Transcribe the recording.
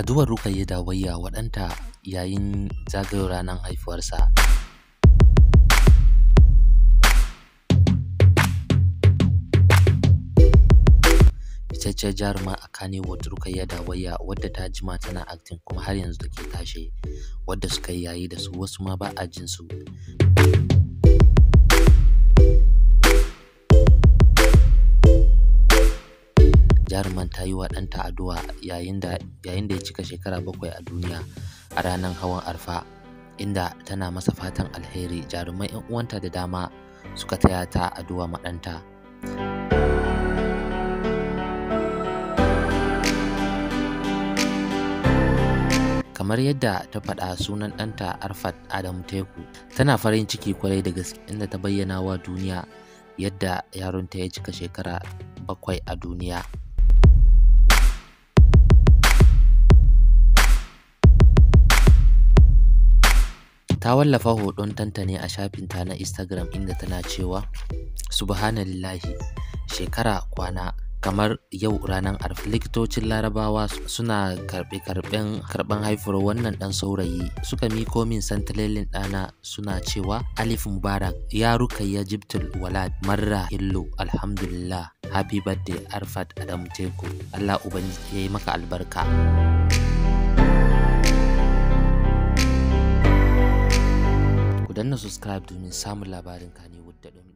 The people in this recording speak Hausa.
Addu'ar Rukayya Dawayya wa waɗanta yayin zagayowar ranar haifuwarsa. fitaccen jaruma a Kannywood da Dawayya wadda ta jima tana aktin kuma har yanzu take tashe wadda suka yi yayi da su wasu ma ba a jinsu. jaruman ta yi wa ɗanta addu'a yayin da ya cika shekara bakwai a duniya a ranar hawan arfa inda tana masa fatan alheri jaruman 'yan uwanta da dama suka taya ta addu'a maɗanta. kamar yadda ta faɗa sunan ɗanta arfat adam teku tana farin ciki kwarai da gaske inda ta bayyana wa duniya yadda yaronta ya cika shekara bakwai a duniya ta wallafa hoton tanta ne a ta na Instagram inda tana cewa Subhanallahi shekara kwana kamar yau ranar arfa likitocin larabawa suna karbe karben karben haifar wannan dan saurayi suka miko min santalelin dana suna cewa alif mubarak ya rukayya jibtul walad marra illu alhamdulillah happy birthday arfat adam teku allah ubangiji ya yi maka albarka danna subscribe domin samun labarin Kannywood da ɗumi